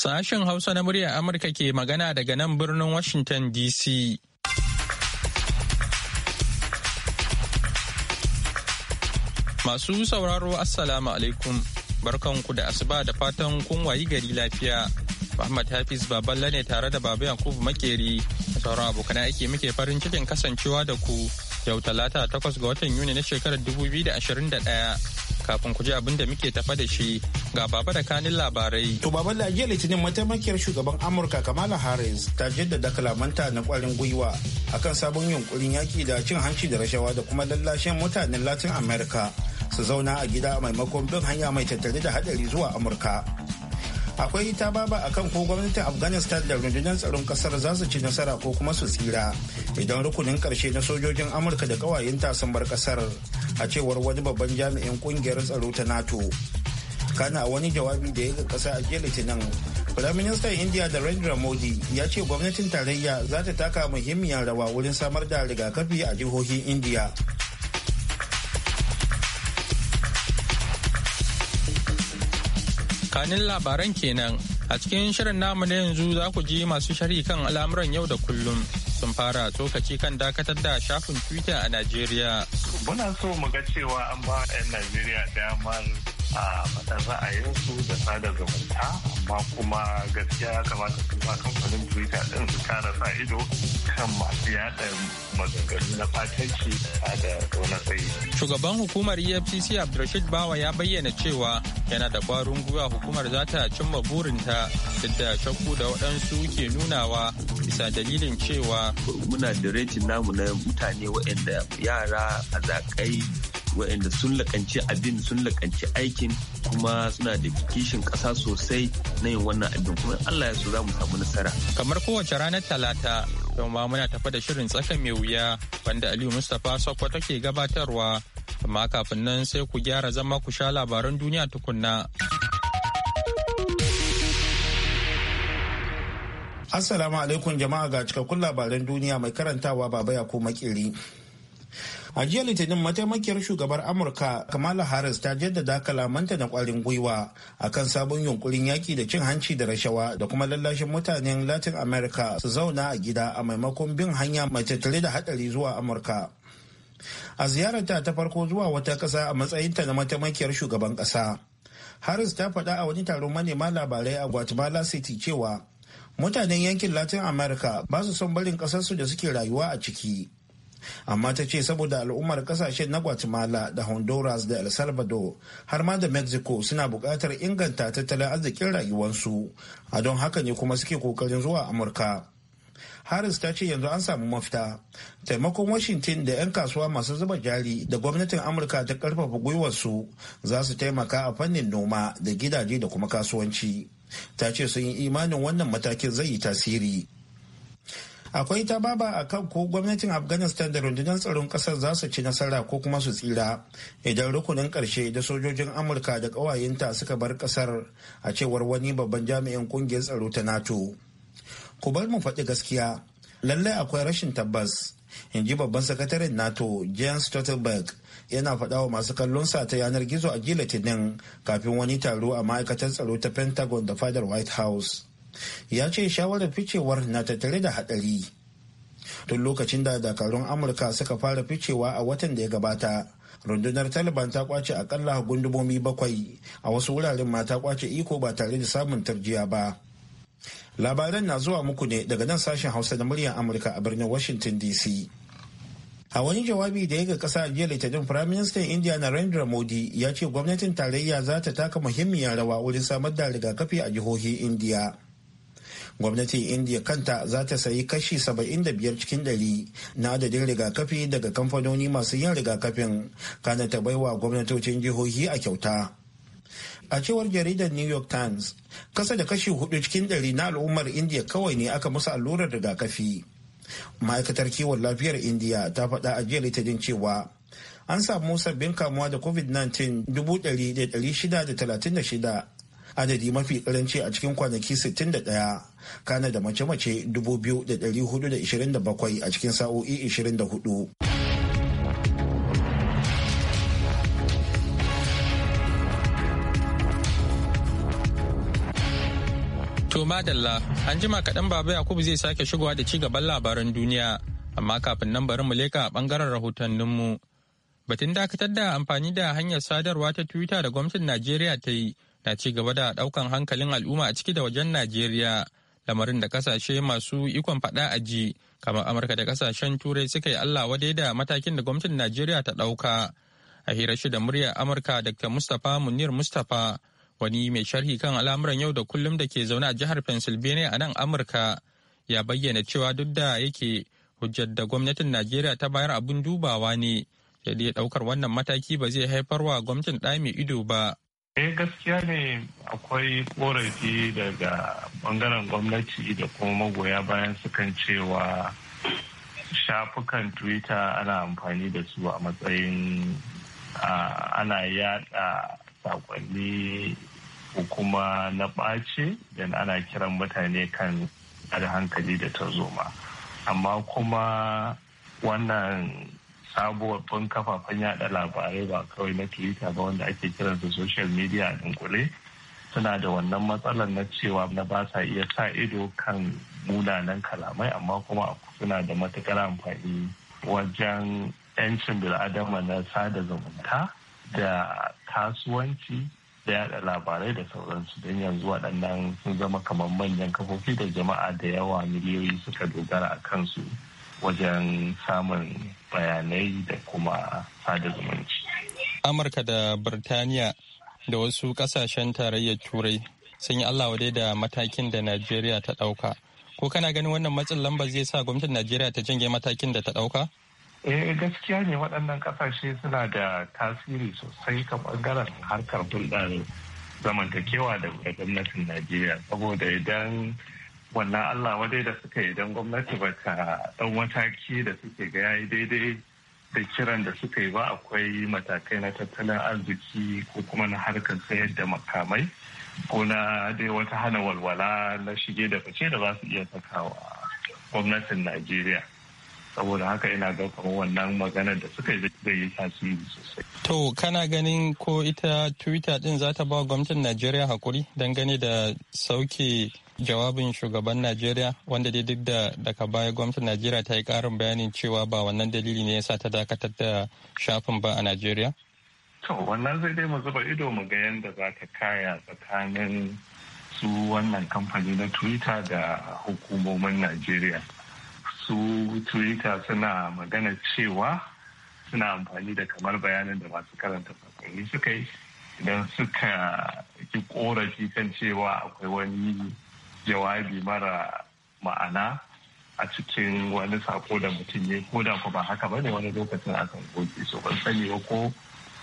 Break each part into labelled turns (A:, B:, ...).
A: Sashen Hausa na muryar Amurka ke magana daga nan birnin Washington DC. Masu sauraro Assalamu alaikum. Barkanku da asuba da fatan kun wayi gari lafiya. Muhammad Hafiz Baballa ne tare da Baba Yakubu Makeri da sauran abokan aiki muke farin cikin kasancewa da ku yau talata 8 ga watan Yuni na shekarar 2021. kafin ku ji abin da muke tafa da shi ga baba da kanin labarai. To
B: baban da jiya litinin mataimakiyar shugaban Amurka Kamala Harris ta jaddada kalamanta na kwarin gwiwa akan sabon yunkurin yaki da cin hanci da rashawa da kuma lallashen mutanen Latin America su zauna a gida a maimakon bin hanya mai tattare da hadari zuwa Amurka. akwai ita baba akan ko gwamnatin afghanistan da rundunar tsaron kasar za su ci nasara ko kuma su tsira idan rukunin karshe na sojojin amurka da ƙawayen sun bar kasar a cewar wani babban jami'in kungiyar tsaro ta nato kana wani jawabi da ya ga kasa a jiya litinin firaministan india da narendra modi ya ce gwamnatin tarayya za ta taka muhimmiyar rawa wurin samar da rigakafi a jihohin india
A: kanin labaran kenan a cikin shirin namu na yanzu za ku ji masu sharhi kan al'amuran yau da kullum sun fara tsokaci kan dakatar da shafin twitter a najeriya muna so mu ga cewa an ba 'yan najeriya damar a faɗar
C: ra'ayinsu da sada zumunta amma kuma gaskiya ya kamata su ba kamfanin twitter ɗin su kara sa ido kan masu yaɗa maganganu na fatanci
A: da zaune tsaye. shugaban hukumar efcc abdulrashid bawa ya bayyana cewa yana da ƙwarin gwiwa hukumar za ta cimma burinta duk da shakku da waɗansu ke nunawa bisa dalilin cewa muna da retin namu na mutane waɗanda
D: yara a zaƙai. waɗanda sun lakanci abin sun lakanci aikin kuma
A: suna da kishin ƙasa sosai na yin wannan abin kuma Allah ya so za mu samu nasara. Kamar kowace ranar Talata, don ma muna tafa da shirin tsaka mai wuya wanda Aliyu Mustapha Sokwa take gabatarwa. Amma kafin nan sai ku gyara zama ku sha labaran duniya tukunna.
B: Assalamu alaikum jama'a ga cikakkun labaran duniya mai karantawa baba ya ko makeri. A jiya Litinin mataimakiyar shugabar Amurka Kamala Harris ta jaddada kalamanta na kwarin gwiwa akan sabon yunkurin yaki da cin hanci da rashawa da kuma lallashin mutanen Latin America su zauna a gida a maimakon bin hanya mai tattare da hadari zuwa Amurka. A ziyararta ta farko zuwa wata ƙasa a matsayinta na mataimakiyar shugaban ƙasa. Harris ta faɗa a wani taron manema labarai a Guatemala City cewa mutanen yankin Latin America ba su son barin ƙasarsu da suke rayuwa a ciki. amma ta ce saboda al'ummar kasashen na guatemala da honduras da el salvador har ma da mexico suna buƙatar inganta tattalin arzikin rayuwarsu a don haka ne kuma suke ƙoƙarin zuwa amurka harris ta ce yanzu an samu mafita taimakon washington da 'yan kasuwa masu zuba jari da gwamnatin amurka ta karfafa gwiwarsu za su taimaka a fannin noma da gidaje da kuma kasuwanci ta ce sun yi imanin wannan matakin zai yi tasiri akwai ta baba a kan ko gwamnatin afghanistan da rundunar tsaron kasar za su ci nasara ko kuma su tsira idan rukunin karshe da sojojin amurka da ƙawayenta suka bar kasar a cewar wani babban jami'in kungiyar tsaro ta nato ku bar mu faɗi gaskiya lallai akwai rashin tabbas in ji babban sakataren nato jens stoltenberg yana faɗa wa masu sa ta yanar gizo a gila litinin kafin wani taro a ma'aikatar tsaro ta pentagon da fadar white house ya ce shawarar ficewar na tattare da hadari tun lokacin da dakarun amurka suka fara ficewa a watan da ya gabata rundunar taliban ta kwace akalla gundumomi bakwai a wasu wuraren ma ta kwace iko ba tare da samun tarjiya ba labaran na zuwa muku ne daga nan sashen hausa da muryar amurka a birnin washington dc a wani jawabi da ya ga kasa jiya litinin firaministan india narendra modi ya ce gwamnatin tarayya za ta taka muhimmiyar rawa wurin samar da rigakafi a jihohin Indiya. gwamnatin india kanta za ta sayi kashi 75 cikin ɗari na adadin rigakafi daga kamfanoni masu yin rigakafin kana ta baiwa gwamnatocin jihohi a kyauta a cewar jaridar new york times kasa da kashi hudu cikin ɗari na al'ummar india kawai ne aka musu allurar rigakafi ma'aikatar kiwon lafiyar india ta faɗa a jiya litinin cewa an samu sabbin kamuwa da covid-19 shida. adadi mafi karanci a cikin kwanaki 61 kana da mace-mace 2,427 a cikin sa'o'i 24
A: To madalla, an jima kaɗan baba Yakubu zai sake shigowa da ci gaban labaran duniya, amma kafin nan bari mu leka a ɓangaren rahotanninmu. Batun dakatar da amfani da hanyar sadarwa ta Twitter da gwamnatin Najeriya ta yi na ci gaba da ɗaukan hankalin al'umma a ciki da wajen Najeriya. Lamarin da kasashe masu ikon faɗa a ji kamar Amurka da kasashen Turai suka yi Allah wadai da matakin da gwamnatin Najeriya ta ɗauka. A hira shi da muryar Amurka Dr. Mustapha Munir Mustapha wani mai sharhi kan al'amuran yau da kullum da ke zaune a jihar Pennsylvania a nan Amurka ya bayyana cewa duk da yake hujjar da gwamnatin Najeriya ta bayar abun dubawa ne. Yadda ya ɗaukar wannan mataki ba zai haifar wa gwamnatin ɗa mai ido ba. eh gaskiya ne akwai korafi daga bangaren gwamnati da kuma magoya
C: bayan sukan cewa shafukan twitter ana amfani da su a matsayin ana yada sakonni ko kuma na ɓace dan ana kiran mutane kan da hankali da ta zoma amma kuma wannan sabuwar kafafen yada labarai ba kawai na twitter ba wanda ake kiransa social media a dunkule suna da wannan matsalar na cewa na ba sa iya sa ido kan munanan kalamai amma kuma suna da matukar amfani wajen 'yancin bil'adama na sada zumunta da kasuwanci da yada labarai da sauransu don yanzu waɗannan sun zama kamar manyan kafofi da jama'a da yawa miliyoyi suka dogara a kansu wajen samun bayanai da kuma sada zumunci.
A: Amurka da Birtaniya da wasu kasashen tarayyar Turai sun yi Allah wadai da matakin da Najeriya ta ɗauka. Ko kana ganin wannan matsin lamba zai sa gwamnatin Najeriya ta janye matakin da ta ɗauka?
C: Eh gaskiya ne waɗannan kasashe suna da tasiri sosai ka ɓangaren harkar hulɗar zamantakewa da gwamnatin Najeriya saboda idan wannan allah wadai da suka yi idan gwamnati ba ta ɗau mataki da suke ga yayi daidai da kiran da suka yi ba akwai matakai na tattalin arziki ko kuma na harkar sayar da makamai ko na dai wata hana walwala na shige da fice da za su iya sakawa gwamnatin najeriya saboda haka ina ga kamar wannan maganar da suka yi zai yi tasiri sosai.
A: To kana ganin ko ita Twitter din za ta ba gwamnatin Najeriya hakuri dangane da sauke jawabin shugaban najeriya wanda dai duk da daga baya gwamnatin najeriya ta yi karin bayanin cewa ba wannan dalili ne yasa ta dakatar da shafin ba a najeriya
C: to wannan zai dai mu zuba ido mu ga yadda za ta kaya tsakanin su wannan kamfani na twitter da hukumomin najeriya su twitter suna magana cewa suna amfani da kamar bayanin da masu karanta sakonni suka yi idan suka ki korafi kan cewa akwai wani jawabi mara ma'ana a cikin wani sako da mutum ya ko da ba haka ba ne wani lokacin a kan goge so ban sani ba ko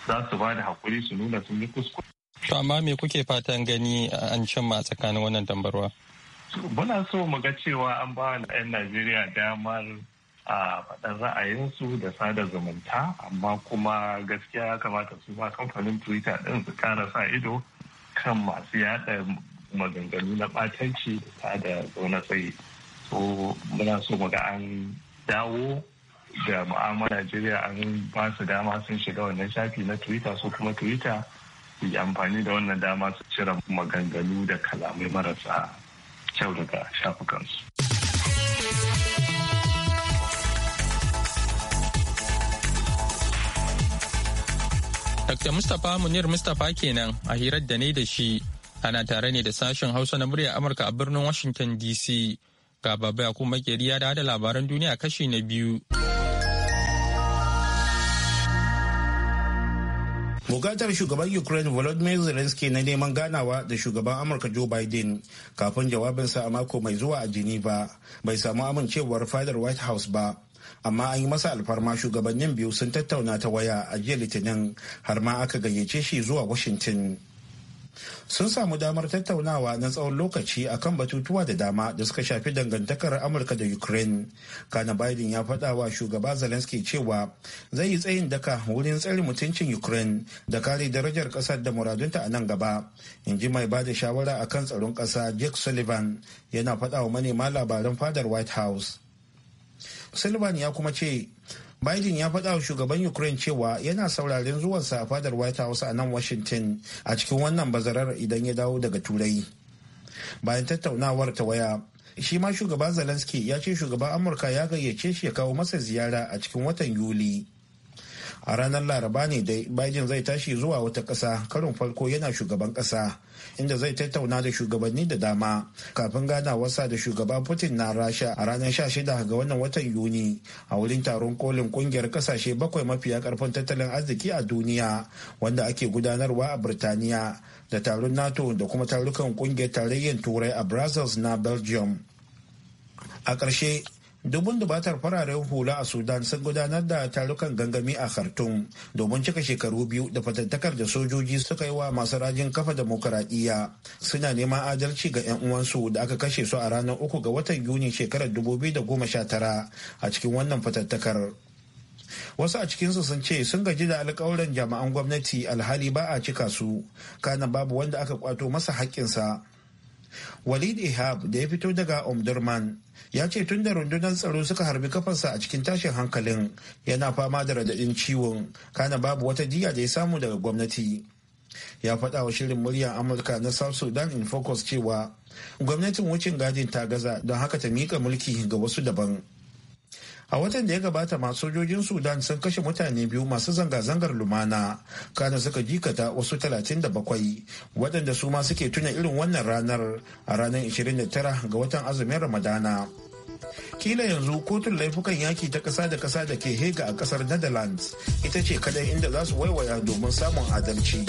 C: za su ba da hakuri su nuna sun yi kuskure.
A: to amma me kuke fatan gani an cimma tsakanin wannan tambarwa.
C: muna so mu ga cewa an ba 'yan najeriya damar a faɗin ra'ayinsu da sada zumunta amma kuma gaskiya kamata su ma kamfanin twitter ɗin su ƙara sa ido kan masu yaɗa maganganu na ɓatanci ta da zaune tsaye so muna so ga an dawo da mu'amala Najeriya an ba su dama sun shiga wannan shafi na Twitter so kuma Twitter su yi amfani da wannan dama su cire maganganu da kalamai marasa kyau daga shafukansu.
A: Dr. Mustapha Munir Mustapha kenan a hirar da ne da shi Ana tare ne da sashen Hausa na murya Amurka a birnin Washington DC. Ga babaya kuma makeriya da labaran duniya kashi na biyu.
B: bukatar shugaban ukraine volodymyr zelensky na neman ganawa da shugaban amurka joe biden kafin jawabinsa a mako mai zuwa a geneva bai samu amincewar fadar white house ba amma an yi masa alfarma shugabannin biyu sun tattauna ta waya a jiya litinin har ma aka gayyace shi zuwa washington sun samu damar tattaunawa na tsawon lokaci akan batutuwa da dama da suka shafi dangantakar amurka da ukraine kana biden ya faɗa wa shugaba zelensky cewa zai yi tsayin daka wurin tsare mutuncin ukraine da kare darajar ƙasar da muradunta a nan gaba in ji mai ba da shawara akan tsaron ƙasa jake sullivan yana faɗa wa manema labaran fadar white house sullivan ya kuma ce Biden ya faɗa wa shugaban Ukraine cewa yana sauraren zuwansa a fadar White House a nan Washington a cikin wannan bazarar idan ya dawo daga Turai. Bayan tattaunawar ta waya, shi ma shugaban Zelensky ya ce shugaban Amurka ya gayyace shi ya kawo masa ziyara a cikin watan Yuli. a ranar laraba ne dai biden zai tashi zuwa wata ƙasa karin farko yana shugaban ƙasa inda zai tattauna da shugabanni da dama kafin gana wasa da shugaban putin na rasha a ranar 16 ga wannan watan yuni a wurin taron kolin kungiyar kasashe bakwai mafiya karfin tattalin arziki a duniya wanda ake gudanarwa a birtaniya da taron nato da kuma tarukan kungiyar tarayyar turai a brussels na belgium a ƙarshe dubun dubatar fararen hula a sudan sun gudanar da tarukan gangami a khartoum domin cika shekaru biyu da fatattakar da sojoji suka yi wa masu rajin kafa demokaradiyya suna neman adalci ga 'yan uwansu da aka kashe su a ranar uku ga watan yuni shekarar dubu biyu da goma 2019 a cikin wannan fatattakar wasu a cikinsu sun ce sun gaji da alkawuran jami'an gwamnati alhali ba a cika su kana babu wanda aka kwato masa haƙƙinsa walid ihab da ya fito daga omdurman ya ce tun da rundunar tsaro suka harbi kafarsa a cikin tashin hankalin yana fama da radadin ciwon kana babu wata jiya da ya samu daga gwamnati ya faɗa wa shirin muryar amurka na south sudan in focus cewa gwamnatin wucin gadin ta gaza don haka ta mika mulki ga wasu daban a watan da ya gabata masu sojojin sudan sun kashe mutane biyu masu zanga-zangar lumana kana suka jikata wasu 37 waɗanda su ma suke tuna irin wannan ranar a ranar 29 ga watan azumin ramadana kila yanzu kotun laifukan yaki ta ƙasa da ƙasa da ke hega a ƙasar netherlands ita ce kadai inda za su waiwaya domin samun adalci.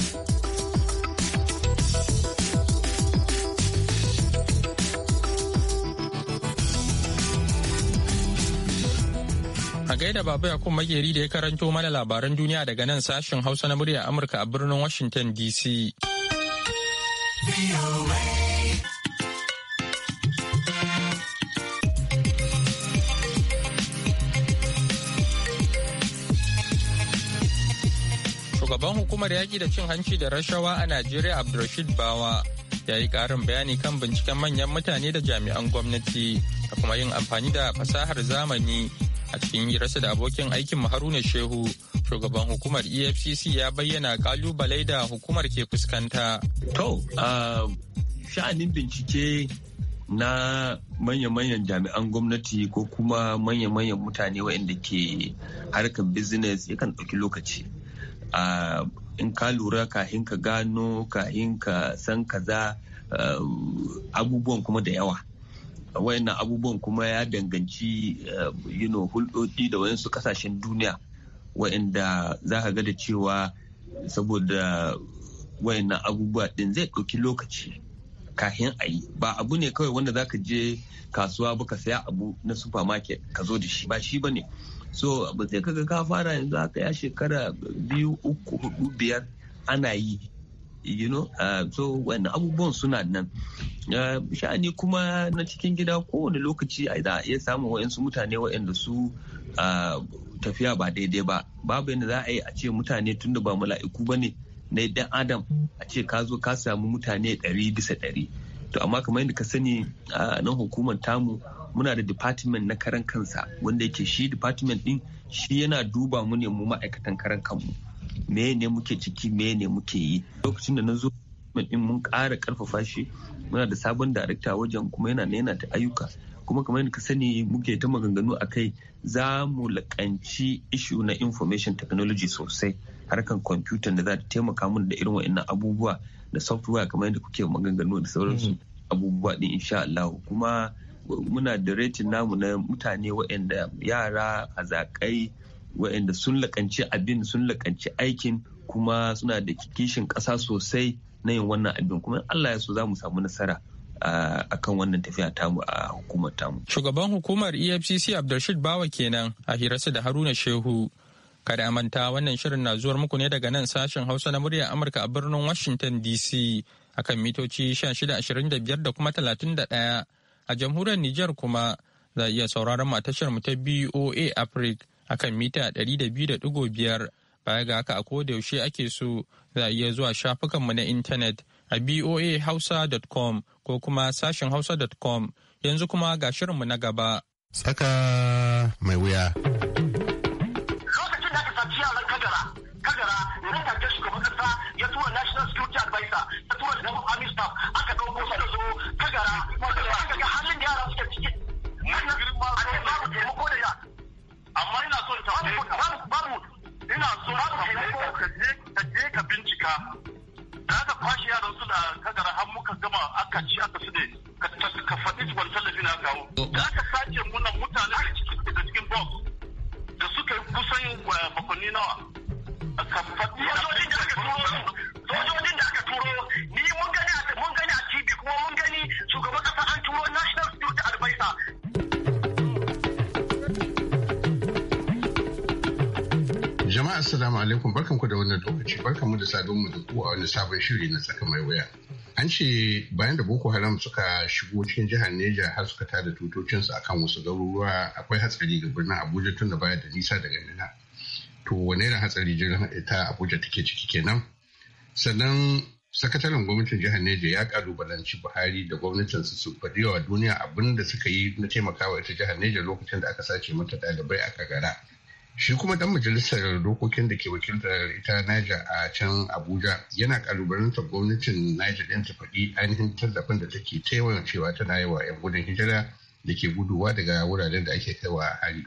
A: gaida baba yakun makeri da ya karanto mana labaran duniya daga nan sashen hausa na murya amurka a birnin washington dc shugaban hukumar yaƙi da cin hanci da rashawa a najeriya abdulrashid bawa ya yi ƙarin bayani kan binciken manyan mutane da jami'an gwamnati da kuma yin amfani da fasahar zamani a cikin hirarsa da abokin aikin haruna shehu shugaban hukumar efcc ya bayyana kalubale da hukumar ke fuskanta to sha'anin bincike na manya-manyan jami'an
D: gwamnati ko kuma manya-manyan mutane waɗanda ke harkar business yakan ɗauki lokaci in ka lura kahin ka gano kahin ka san kaza eh, abubuwan kuma da yawa wayannan abubuwan kuma ya danganci eh, yino hulɗoɗi da wayansu kasashen duniya wayanda za ka ga da cewa saboda wayannan abubuwa ɗin zai ɗauki lokaci kafin a yi ba abu ne kawai wanda za ka je kasuwa ba ka saya abu na supermarket ka zo da shi ba shi ba ne so ba sai kaga ka fara yanzu haka ya shekara biyu uku hudu biyar ana yi you know uh, so when abubuwan suna nan uh, sha'ani kuma na cikin gida kowane lokaci a za a iya samun wa'insu mutane wa'inda su uh, tafiya ba daidai ba babu yadda za a yi a ce mutane tunda ba mala'iku ba ne na dan adam a ce ka zo ka samu mutane ɗari bisa ɗari to amma kamar yadda ka sani a uh, nan hukumar tamu muna da department na karan kansa wanda yake shi department din shi yana duba mu ne mu ma'aikatan karan kanmu me ne muke ciki me ne muke yi lokacin da na zo din mun ƙara ƙarfafa shi muna da sabon darakta wajen kuma yana nena ta ayyuka kuma kamar yadda ka sani muke ta maganganu a kai za mu laƙanci ishu na information technology sosai harkan kwamfutan da za ta taimaka mun da irin wa'annan abubuwa da software kamar yadda kuke maganganu da sauransu mm-hmm. abubuwa din insha Allah kuma muna da rating namu na mutane waɗanda yara hazaƙai waɗanda sun lakanci abin sun lakanci aikin kuma suna da kishin ƙasa sosai na yin wannan abin kuma Allah ya so za mu samu nasara a kan wannan tafiya tamu a hukumar tamu.
A: Shugaban hukumar EFCC Abdulrashid Bawa kenan a hirarsa da Haruna Shehu. Kada a manta wannan shirin na zuwar muku ne daga nan sashen Hausa na muryar Amurka a birnin Washington DC akan mitoci 1625 da kuma 31 a jamhuriyar Nijar kuma za a iya sauraron mu a tashar mu ta BOA Africa akan mita 200.5 baya ga haka a yaushe ake so za a iya zuwa shafukanmu na intanet a boahausa.com ko kuma sashen hausa.com yanzu kuma ga shirinmu na gaba.
E: Saka mai wuya.
F: Lokacin da aka saci yaran kagara, kagara nan da ke shugaban kasa ya tura National Security Advisor, ya tura Shugaban Army Staff, aka ɗauko su da su kagara, wanda aka ga halin da yara suke ciki. Wannan babu taimako da amma ina so ta babu babu ina so ka je ka je ka bincika da aka kwashi yaran su da kagara har muka gama aka ci aka su ne ka faɗi wani tallafi na kawo da aka sace munan mutane da cikin box da suka yi kusan eh, makonni nawa ka faɗi sojojin da aka turo sojojin da aka turo ni mun gani a mun gani a TV kuma mun gani shugaban
E: kasa an turo national security advisor Jama'a assalamu alaikum ku da wannan lokaci barkanmu da mu da ku a wani sabon shiri na tsaka mai waya. An ce bayan da Boko Haram suka shigo cikin jihar Neja har suka tada tutocinsu akan wasu garuruwa akwai hatsari ga birnin Abuja tun da baya da nisa daga Nina. To wane irin hatsari jirgin ita Abuja take ciki kenan? Sannan sakataren gwamnatin jihar Neja ya kalubalanci Buhari da gwamnatin su su faɗi duniya abin da suka yi na taimakawa ita jihar Neja lokacin da aka sace mata ɗalibai aka gara. shi kuma dan majalisar dokokin da ke wakiltar ita Niger a can Abuja yana kalubalantar gwamnatin Niger din ta faɗi ainihin tallafin da take taimakon cewa tana yi wa 'yan gudun hijira da ke guduwa daga wuraren da ake kaiwa hari.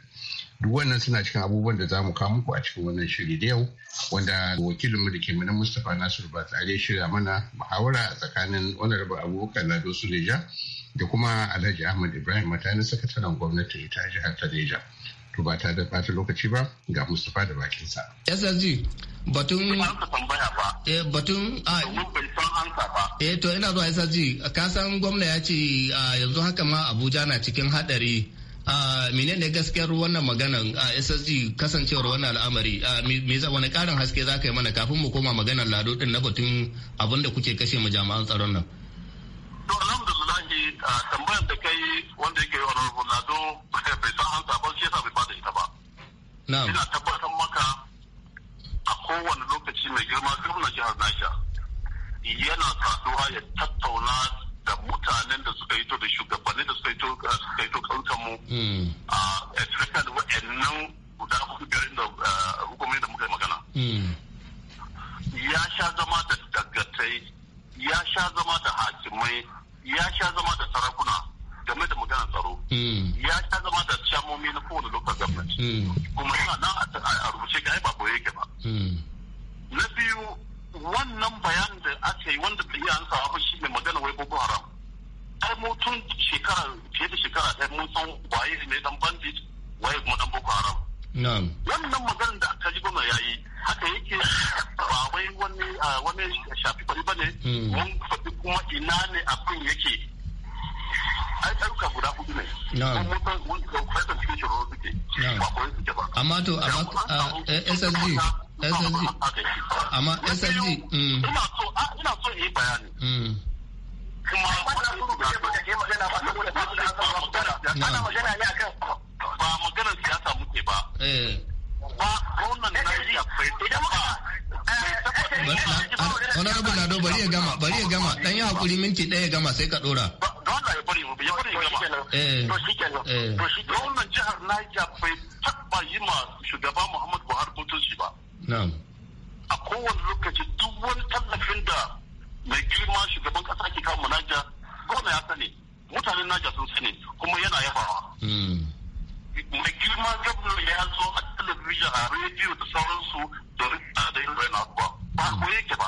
E: Duk wannan suna cikin abubuwan da za mu kawo muku a cikin wannan shiri da yau wanda wakilinmu da ke mana Mustapha Nasiru ba tsare shirya mana muhawara tsakanin Honorable Abubakar Lado Suleja da kuma Alhaji Ahmad Ibrahim Matani sakataren gwamnati ta jihar ta Tadeja. to ba tare da bata lokaci ba ga Mustapha da sa.
D: SSG batun eh batun ah, a eh to ina zuwa SSG ka san gwamna ya ce ah, yanzu haka ma Abuja na cikin hadari ah, menene gaskiyar wannan maganan a SSG kasancewar wannan al'amari me za wani karin haske za ka yi mana kafin mu koma maganar lado din na batun abinda kuke kashe mu jami'an tsaron nan.
F: To Ah, tambayar da kai wanda yake wa honorable nado bai san hansa ba shi yasa bai bada ita ba ina tabbatar maka a kowane lokaci mai girma gwamnan jihar Niger yana saduwa ya tattauna da mutanen da suka yi to da shugabannin da suka yi to ah, suka yi to kankan mu
C: hmm. a ah, especially wa'annan guda hudu garin da hukumomi da muka yi magana hmm. ya sha zama
F: da dagatai ya sha zama da hakimai ya sha zama da sarakuna game da magana tsaro hmm. ya sha zama da shamomi na kowane local government hmm. kuma yana nan a rubuce ga ba boye yake ba hmm. na biyu wannan bayan da aka yi wanda bai iya ansa ba shi ne magana wai boko haram ai mu tun shekara fiye da shekara ɗaya mun san waye ne dan bandit waye kuma dan boko haram Na'am. Wannan maganar da aka ji goma yayi haka yake ba wai wani wani shafi bari bane hmm. mun faɗi kuma ina ne abin yake. Ai tsaruka guda hudu ne. Na'am.
D: Mun san mun san cikin shi ruwa suke. Ba koyi suke ba. Amma to amma SSG SSG amma SSG. Hmm. Ina so ina so yi bayani. Hmm.
F: kuma ba su rubuce ba ka magana ba saboda ba da ba magana ana magana ne akan ba maganar siyasa muke ba ba gwamnan Najeriya bai taba
B: Honorable Lado bari ya gama bari ya gama dan yi hakuri minti gama sai ka dora dole ya bari mu
F: ya bari ya gama to shikenan to shi gwamnan jihar Niger bai taba yi ma shugaba Muhammadu Buhari mutunci ba na'am a kowane lokaci duk wani tallafin da mai girma shugaban kasa ke kawo naja gwamna ya sani mutanen naja sun sani kuma yana yabawa hmm. mai girma gwamna ya zo a talabijin a rediyo da sauransu don da yin rayuwa na ba ko yake ba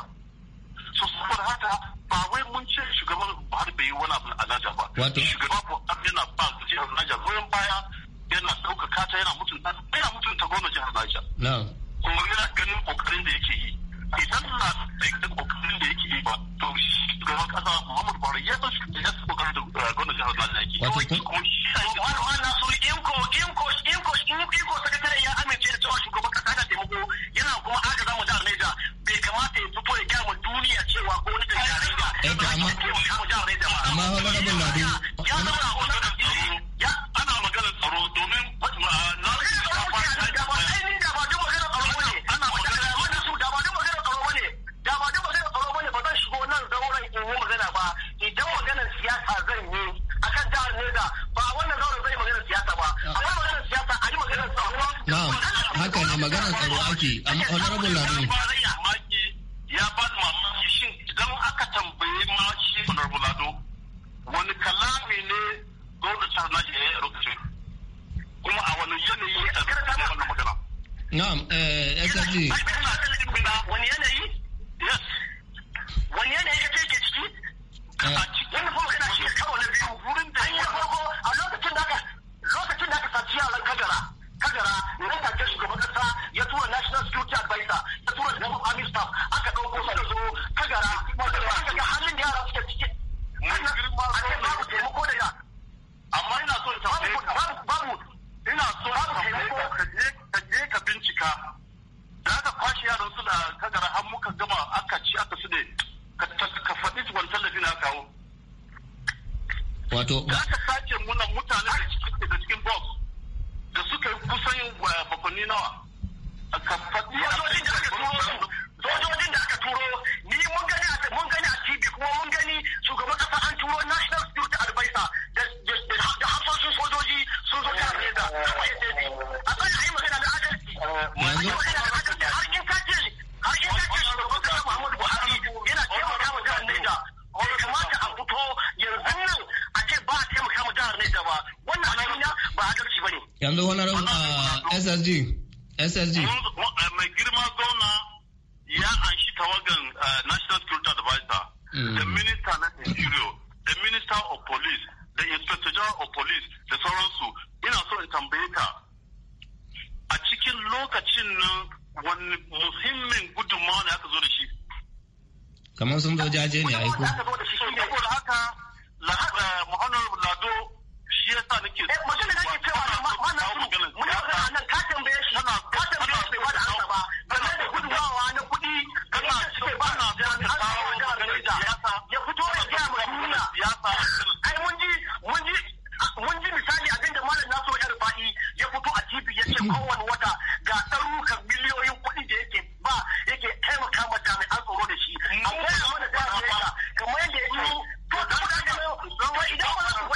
F: so saboda haka ba wai mun ce shugaban buhari bai yi wani abu a naja ba shugaban buhari yana ba jihar naja goyon baya yana ɗaukaka ta yana mutunta yana mutunta gwamna jihar naja kuma yana ganin kokarin da yake yi idan na da kokarin da yake ba to shugaban kasa Muhammadu Buhari ya san shi ya san kokarin da eh, jihar yake wato ko na so inko inko inko inko sakatare ya amince da cewa shugaban kasa yana taimako yana kuma agaza mu jihar Niger bai kamata ya fito ya duniya cewa gwamnatin jihar Niger eh, ya taimaka mu jihar Niger ba amma
C: SSG. Eh,
F: mai girma zauna ya anshi tawagan eh, National Security Advisor, da mm. Minister na Interior, da Minister of Police, da Inspector General of Police, da sauransu. Ina so in tambaye ka a cikin lokacin nan wani muhimmin gudunmawa ne aka zo da shi.
D: Kamar sun zo jaje ne aiko. da
F: haka, Muhammadu eh, Lado shi yasa nake eh magana nake cewa amma wannan su mun ga nan ka tambaye shi ka tambaye shi ba da ansa ba kana da gudunmawa na kuɗi kana suke ba na jami'an tsaro da siyasa ya fito ya ga mu duniya ai mun ji mun ji mun ji misali a abinda malam nasu ya rufa'i ya fito a TV ya ce kowane wata ga ɗaruka miliyoyin kuɗi da yake ba yake taimaka ma jami'an tsaro da shi akwai mana da kamar yadda ya ce to da idan ba za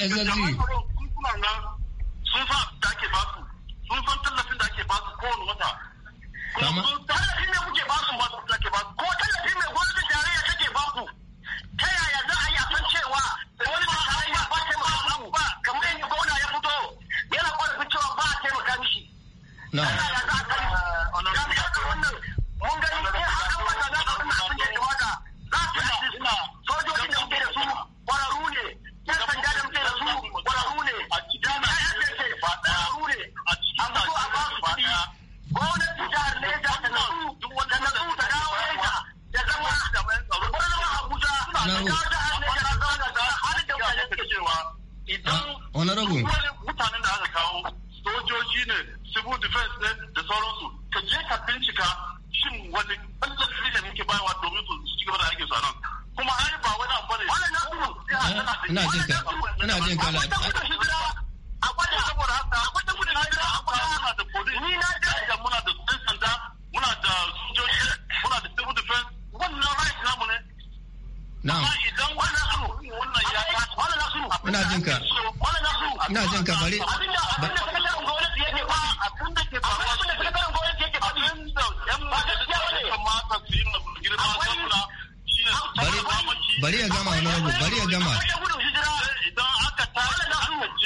D: SSG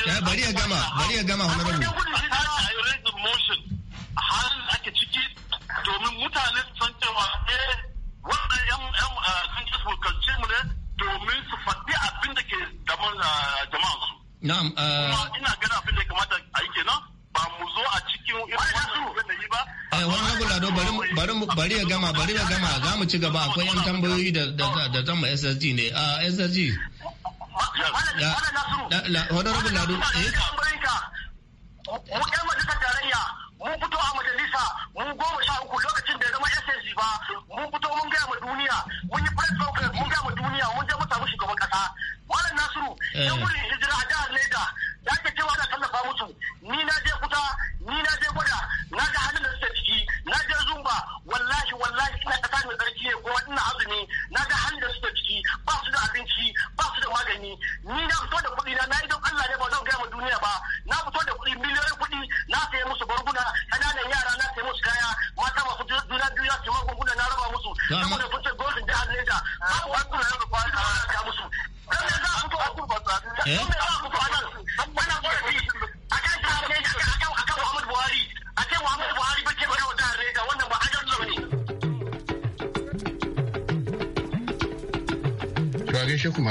F: Eh, bari ya gama
A: bari ya gama honorable
F: halin da ake ciki domin Ina ganin abin da ya kamata a yi kenan ba mu zo a cikin irin wannan da yi
D: ba. Eh wani gulado
B: bari bari ya gama bari ya gama za mu ci gaba akwai yan tambayoyi da zan ma SSG ne. Ah, SSG. honorable lado eh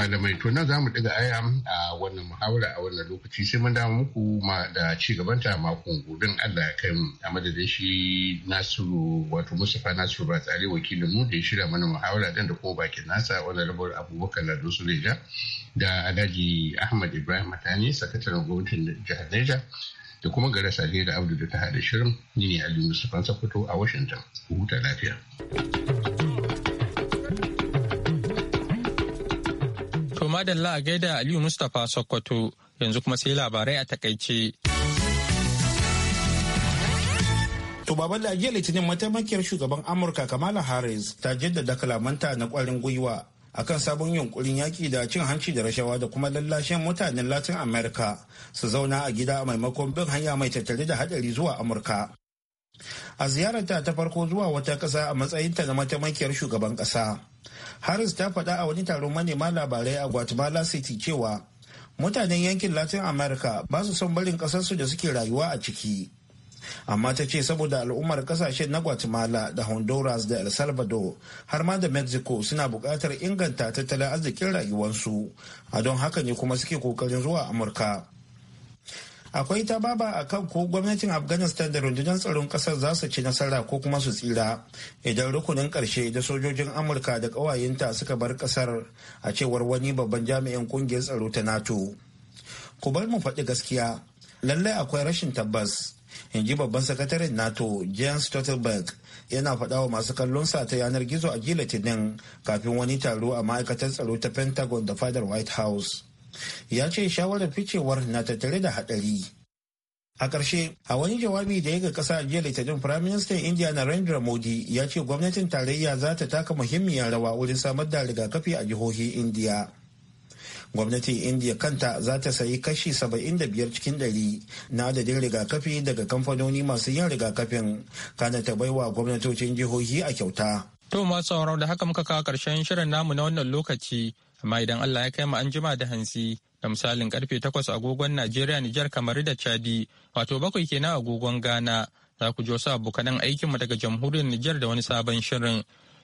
E: malamai to na za mu ɗiga aya a wannan muhawara a wannan lokaci sai mun dawo muku ma da ci gaban ta makon gobe Allah ya kai mu a madadin shi Nasiru wato mustafa Nasiru ba tsare wakilin mu da ya shirya mana muhawara dan da kuma bakin nasa wannan rabar Abubakar Lado Suleja da Alhaji Ahmad Ibrahim Matani sakataren gwamnatin jihar Niger da kuma gara Sale da Abdu da ta hada shirin ni ne Ali Mustafa Sokoto a Washington.
A: Ku huta lafiya. madalla a gaida Aliyu Mustapha Sokoto yanzu kuma sai labarai a takaice.
B: To baban da jiya litinin mataimakiyar shugaban Amurka Kamala Harris ta jaddada kalamanta na kwarin gwiwa akan sabon yunkurin yaki da cin hanci da rashawa da kuma lallashen mutanen Latin America su zauna a gida a maimakon bin hanya mai tattare da hadari zuwa Amurka. A ziyararta ta farko zuwa wata ƙasa a matsayinta na mataimakiyar shugaban ƙasa. harris ta faɗa a wani taron manema labarai a guatemala city cewa mutanen yankin latin america ba su son barin ƙasarsu da suke rayuwa a ciki amma ta ce saboda al'ummar kasashen na guatemala da honduras da el salvador har ma da mexico suna buƙatar inganta tattalin arzikin rayuwarsu a don haka ne kuma suke ƙoƙarin zuwa amurka akwai ta baba a kan ko gwamnatin afghanistan da rundunar tsaron kasar za su ci nasara ko kuma su tsira idan rukunin karshe da sojojin amurka da ƙawayenta suka bar kasar a cewar wani babban jami'in kungiyar tsaro ta nato ku bar mu faɗi gaskiya lallai akwai rashin tabbas in ji babban sakataren nato jens stoltenberg yana faɗa wa masu sa ta yanar gizo a jilatinin kafin wani taro a ma'aikatar tsaro ta pentagon da fadar white house ya ce shawarar ficewar na tattare da hadari. A ƙarshe, a wani jawabi da ya ga ƙasa jiya Litinin Firaministan India Narendra Modi ya ce gwamnatin tarayya za ta taka muhimmiyar rawa wurin samar da rigakafi a jihohi India. gwamnatin india kanta za ta sayi kashi 75 cikin ɗari na adadin rigakafi daga kamfanoni masu yin rigakafin kana ta baiwa gwamnatocin jihohi a kyauta
A: to masu da haka muka kawo karshen shirin namu na wannan lokaci amma idan Allah ya kai mu an jima da hansi da misalin karfe 8 agogon Najeriya Nijar kamar da Chadi wato bakwai kenan agogon Ghana za ku jo wasu abokanan aikin mu daga jamhuriyar Nijar da wani sabon shirin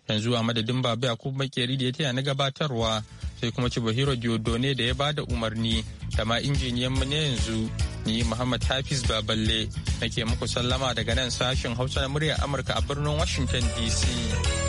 A: yanzu a madadin Babu kuma Makeri da ya taya na gabatarwa sai kuma ci Cibahiro ne da ya ba da umarni da ma injiniyan mu ne yanzu ni Muhammad Hafiz Baballe nake muku sallama daga nan sashin Hausa na muryar Amurka a birnin Washington DC.